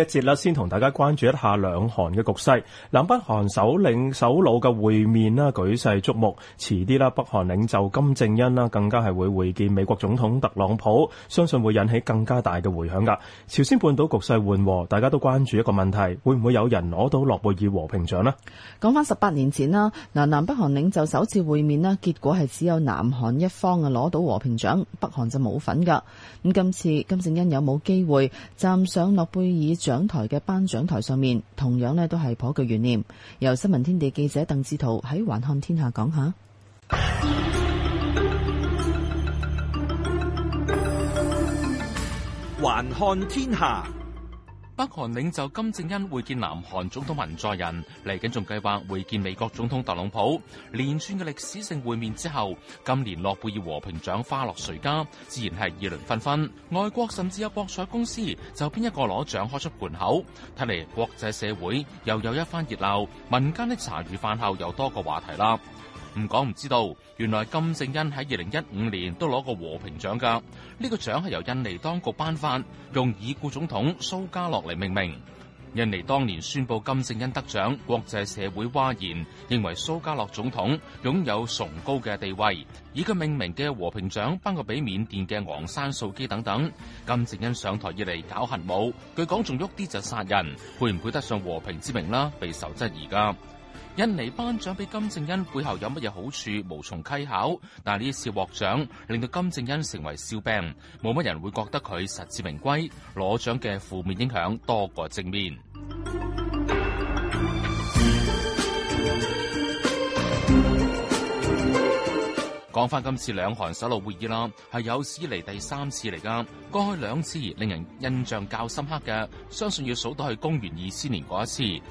一節啦，先同大家關注一下兩韓嘅局勢。南北韓首領首腦嘅會面啦，舉世矚目。遲啲啦，北韓領袖金正恩啦，更加係會會見美國總統特朗普，相信會引起更加大嘅回響噶。朝鮮半島局勢緩和，大家都關注一個問題，會唔會有人攞到諾貝爾和平獎呢？講翻十八年前啦，南，南北韓領袖首次會面啦，結果係只有南韓一方啊攞到和平獎，北韓就冇份噶。咁今次金正恩有冇機會站上諾貝爾獎台嘅頒獎台上面，同樣呢都係頗具懸念。由新聞天地記者鄧志濤喺《環看天下》講下，《環看天下》。北韓領袖金正恩會見南韓總統文在寅，嚟緊仲計劃會見美國總統特朗普，連串嘅歷史性會面之後，今年諾貝爾和平獎花落誰家，自然係議論紛紛。外國甚至有博彩公司就邊一個攞獎開出盤口，睇嚟國際社會又有一番熱鬧，民間的茶餘飯後又多個話題啦。唔講唔知道，原來金正恩喺二零一五年都攞過和平獎噶。呢個獎係由印尼當局頒發，用已故總統蘇加洛嚟命名。印尼當年宣佈金正恩得獎，國際社會嘩然，認為蘇加洛總統擁有崇高嘅地位，以佢命名嘅和平獎頒過俾緬甸嘅昂山素姬等等。金正恩上台以嚟搞核武，據講仲喐啲就殺人，會唔會得上和平之名啦？備受質疑噶。一嚟頒獎俾金正恩背後有乜嘢好處，無從稽考。但係呢一次獲獎，令到金正恩成為笑柄，冇乜人會覺得佢實至名歸。攞獎嘅負面影響多過正面。講翻今次兩韓首腦會議啦，係有史以嚟第三次嚟噶。過去兩次令人印象較深刻嘅，相信要數到去公元二千年嗰一次，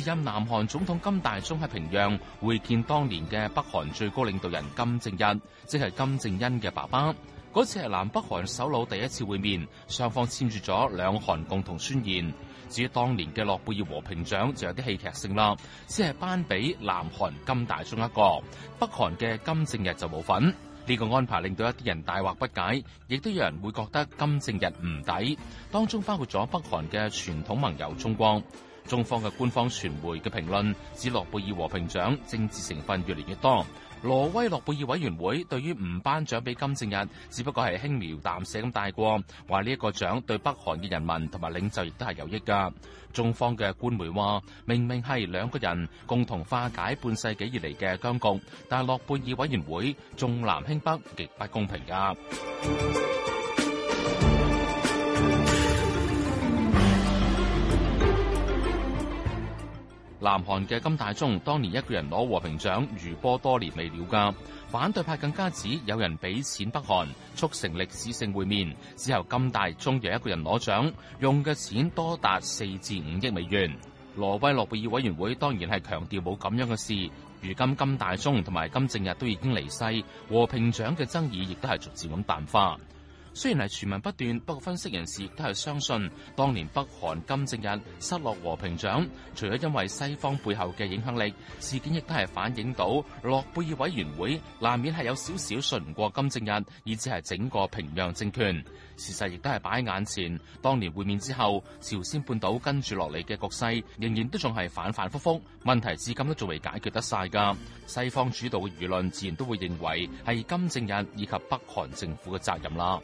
時任南韓總統金大中喺平壤會見當年嘅北韓最高領導人金正日，即係金正恩嘅爸爸。嗰次係南北韓首腦第一次會面，雙方簽署咗兩韓共同宣言。至於當年嘅諾貝爾和平獎就有啲戲劇性啦，只係頒俾南韓金大中一個，北韓嘅金正日就冇份。呢、這個安排令到一啲人大惑不解，亦都有人會覺得金正日唔抵。當中包括咗北韓嘅傳統盟友中國。中方嘅官方傳媒嘅評論，指諾貝爾和平獎政治成分越嚟越多。挪威諾貝爾委員會對於唔頒獎俾金正日，只不過係輕描淡寫咁帶過，話呢一個獎對北韓嘅人民同埋領袖亦都係有益噶。中方嘅官媒話，明明係兩個人共同化解半世紀以嚟嘅僵局，但係諾貝爾委員會重南輕北，極不公平噶。南韓嘅金大中當年一個人攞和平獎，餘波多年未了㗎。反對派更加指有人俾錢北韓促成歷史性會面，之後金大中又一個人攞獎，用嘅錢多達四至五億美元。挪威諾貝爾委員會當然係強調冇咁樣嘅事。如今金大中同埋金正日都已經離世，和平獎嘅爭議亦都係逐漸咁淡化。雖然係傳聞不斷，不過分析人士亦都係相信，當年北韓金正日失落和平獎，除咗因為西方背後嘅影響力，事件亦都係反映到諾貝爾委員會難免係有少少信唔過金正日，以至係整個平壤政權。事實亦都係擺喺眼前，當年會面之後，朝鮮半島跟住落嚟嘅局勢仍然都仲係反反复覆問題至今都仲未解決得晒㗎。西方主導嘅輿論自然都會認為係金正日以及北韓政府嘅責任啦。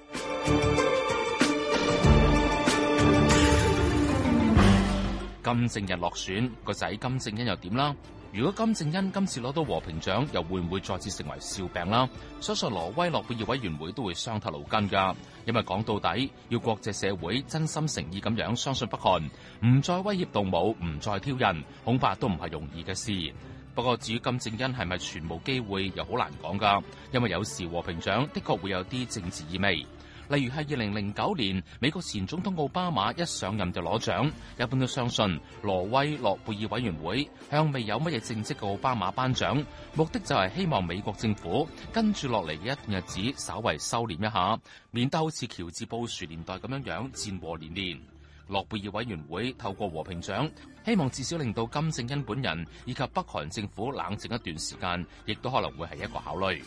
金正日落選，個仔金正恩又點啦？如果金正恩今次攞到和平獎，又會唔會再次成為笑柄啦？相信挪威諾貝爾委員會都會傷透腦筋噶，因為講到底，要國際社會真心誠意咁樣相信北韓，唔再威脅動武，唔再挑釁，恐怕都唔係容易嘅事。不過，至於金正恩係咪全無機會，又好難講噶，因為有時和平獎的確會有啲政治意味。例如係二零零九年，美國前總統奧巴馬一上任就攞獎，一般都相信挪威諾貝爾委員會向未有乜嘢政績嘅奧巴馬頒獎，目的就係希望美國政府跟住落嚟嘅一段日子稍微收斂一下，免得好似喬治布殊年代咁樣樣戰禍連連。諾貝爾委員會透過和平獎，希望至少令到金正恩本人以及北韓政府冷靜一段時間，亦都可能會係一個考慮。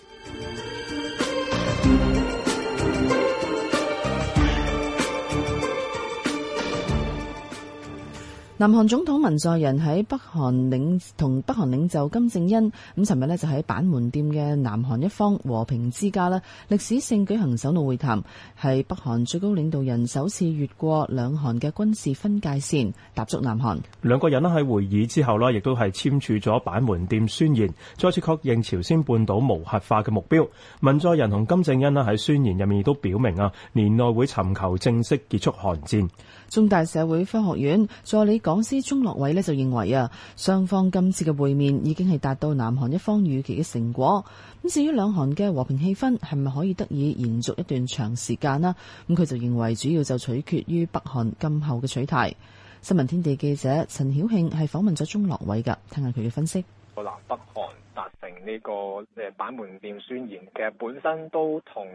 南韓總統文在寅喺北韓領同北韓領袖金正恩咁，尋日呢就喺板門店嘅南韓一方和平之家啦，歷史性舉行首腦會談，係北韓最高領導人首次越過兩韓嘅軍事分界線踏足南韓。兩個人呢喺會議之後啦，亦都係簽署咗板門店宣言，再次確認朝鮮半島無核化嘅目標。文在寅同金正恩喺宣言入面亦都表明啊，年內會尋求正式結束韓戰。中大社會科學院助理。講師鍾樂偉咧就認為啊，雙方今次嘅會面已經係達到南韓一方預期嘅成果。咁至於兩韓嘅和平氣氛係咪可以得以延續一段長時間咧？咁佢就認為主要就取決於北韓今後嘅取態。新聞天地記者陳曉慶係訪問咗鍾樂偉噶，聽下佢嘅分析。南北韓。成呢個誒板門店宣言，其實本身都同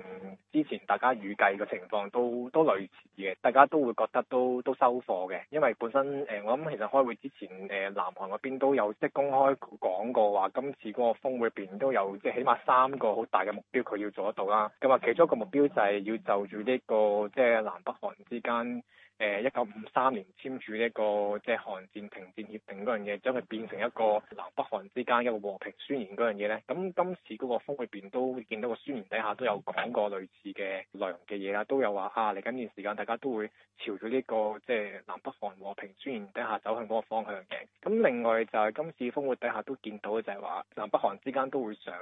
之前大家預計嘅情況都都類似嘅，大家都會覺得都都收貨嘅，因為本身誒我諗其實開會之前誒南韓嗰邊都有即係公開講過話，今次嗰個峯會入邊都有即係起碼三個好大嘅目標佢要做得到啦。咁啊，其中一個目標就係要就住呢個即係南北韓之間。誒一九五三年簽署呢一個即係韓戰停戰協定嗰樣嘢，將佢變成一個南北韓之間一個和平宣言嗰樣嘢咧。咁今次嗰個風會變都見到個宣言底下都有講過類似嘅內容嘅嘢啦，都有話啊嚟緊段時間大家都會朝住呢個即係南北韓和平宣言底下走向嗰個方向嘅。咁另外就係今次風會底下都見到就係話南北韓之間都會想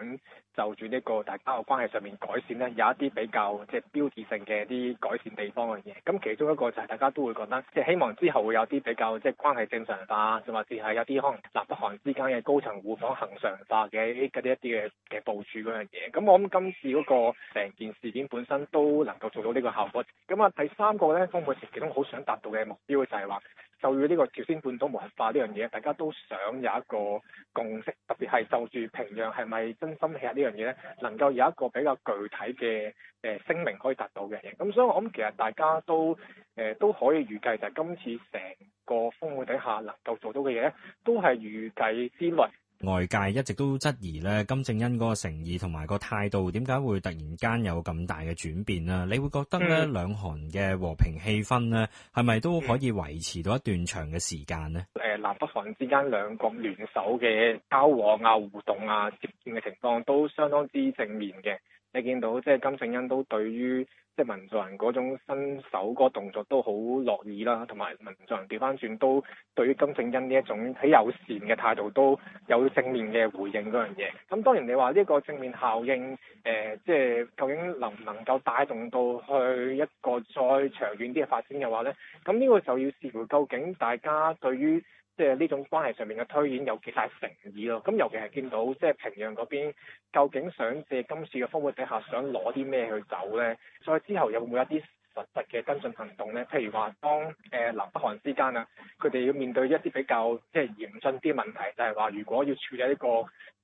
就住呢個大家個關係上面改善咧，有一啲比較即係標誌性嘅啲改善地方嘅嘢。咁其中一個就係大家。大家都會覺得，即係希望之後會有啲比較即係關係正常化，甚至係有啲可能南北韓之間嘅高層互訪恒常化嘅一啲一啲嘅嘅部署嗰樣嘢。咁我諗今次嗰個成件事件本身都能夠做到呢個效果。咁啊，第三個咧，方主席其中好想達到嘅目標就係話，就住呢個朝鮮半島無核化呢樣嘢，大家都想有一個共識，特別係就住平壤係咪真心吃呢樣嘢咧，能夠有一個比較具體嘅誒聲明可以達到嘅嘢。咁所以我諗其實大家都。誒、呃、都可以預計，就係今次成個峰會底下能夠做到嘅嘢咧，都係預計之內。外界一直都質疑咧，金正恩嗰個誠意同埋個態度，點解會突然間有咁大嘅轉變咧？你會覺得咧、嗯、兩韓嘅和平氣氛咧，係咪都可以維持到一段長嘅時間呢？呃、南北韓之間兩國聯手嘅交往啊、互動啊、接見嘅情況都相當之正面嘅。你見到即係金正恩都對於即係文在寅嗰種伸手嗰個動作都好樂意啦，同埋文在寅調翻轉都對於金正恩呢一種喺友善嘅態度都有正面嘅回應嗰樣嘢。咁當然你話呢一個正面效應，誒即係究竟能唔能夠帶動到去一個再長遠啲嘅發展嘅話咧，咁呢個就要視乎究竟大家對於。即係呢種關係上面嘅推演有幾大誠意咯，咁尤其係見到即係平壤嗰邊究竟想借今次嘅風波底下想攞啲咩去走咧？再之後有冇一啲實質嘅跟進行動咧？譬如話當誒、呃、南北韓之間啊，佢哋要面對一啲比較即係嚴峻啲問題，就係、是、話如果要處理呢、這個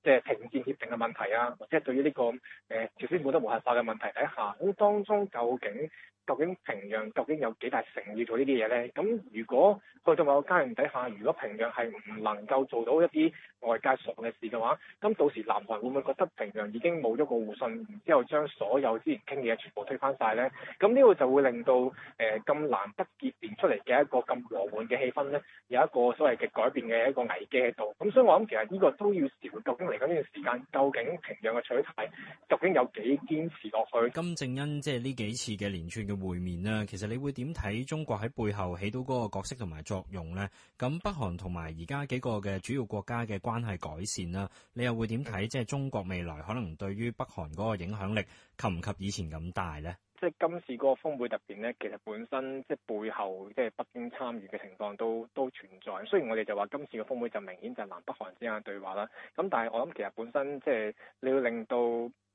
即係停戰協定嘅問題啊，或者對於呢、這個誒、呃、朝鮮半島無核化嘅問題底下，咁當中究竟？究竟平壤究竟有幾大誠意做呢啲嘢咧？咁如果去到某個階段底下，如果平壤係唔能夠做到一啲外界想嘅事嘅話，咁到時南韓會唔會覺得平壤已經冇咗個互信，然之後將所有之前傾嘅嘢全部推翻晒咧？咁呢個就會令到咁、呃、難得結連出嚟嘅一個咁和緩嘅氣氛咧，有一個所謂嘅改變嘅一個危機喺度。咁所以我諗其實呢個都要視乎究竟嚟緊呢段時間，究竟平壤嘅取態究竟有幾堅持落去。金正恩即係呢幾次嘅連串。會面啊，其實你會點睇中國喺背後起到嗰個角色同埋作用呢？咁北韓同埋而家幾個嘅主要國家嘅關係改善啦，你又會點睇即係中國未來可能對於北韓嗰個影響力，及唔及以前咁大呢？即係今次嗰個峯會入邊咧，其實本身即係背後即係北京參與嘅情況都都存在。雖然我哋就話今次嘅峰會就明顯就南北韓之間嘅對話啦，咁但係我諗其實本身即係你要令到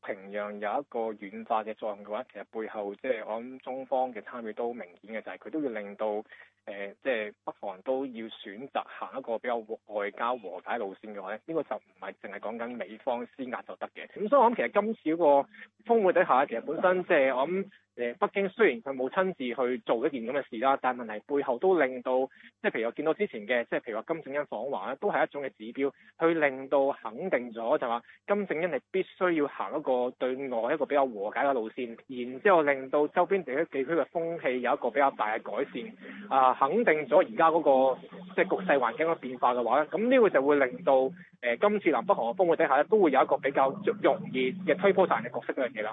平壤有一個軟化嘅作用嘅話，其實背後即係我諗中方嘅參與都明顯嘅，就係、是、佢都要令到。誒、呃，即係北韓都要選擇行一個比較外交和解嘅路線嘅話咧，呢、呢個就唔係淨係講緊美方施壓就得嘅。咁所以我諗其實今次嗰個峰會底下，其實本身即係我諗。誒，北京雖然佢冇親自去做一件咁嘅事啦，但係問題是背後都令到，即係譬如我見到之前嘅，即係譬如話金正恩訪華咧，都係一種嘅指標，去令到肯定咗就話金正恩係必須要行一個對外一個比較和解嘅路線，然之後令到周邊地區地區嘅風氣有一個比較大嘅改善，啊、呃，肯定咗而家嗰個即係局勢環境嘅變化嘅話咧，咁呢個就會令到誒、呃、今次南北韓嘅風波底下咧，都會有一個比較容易嘅推波助瀾嘅角色嗰樣嘢啦。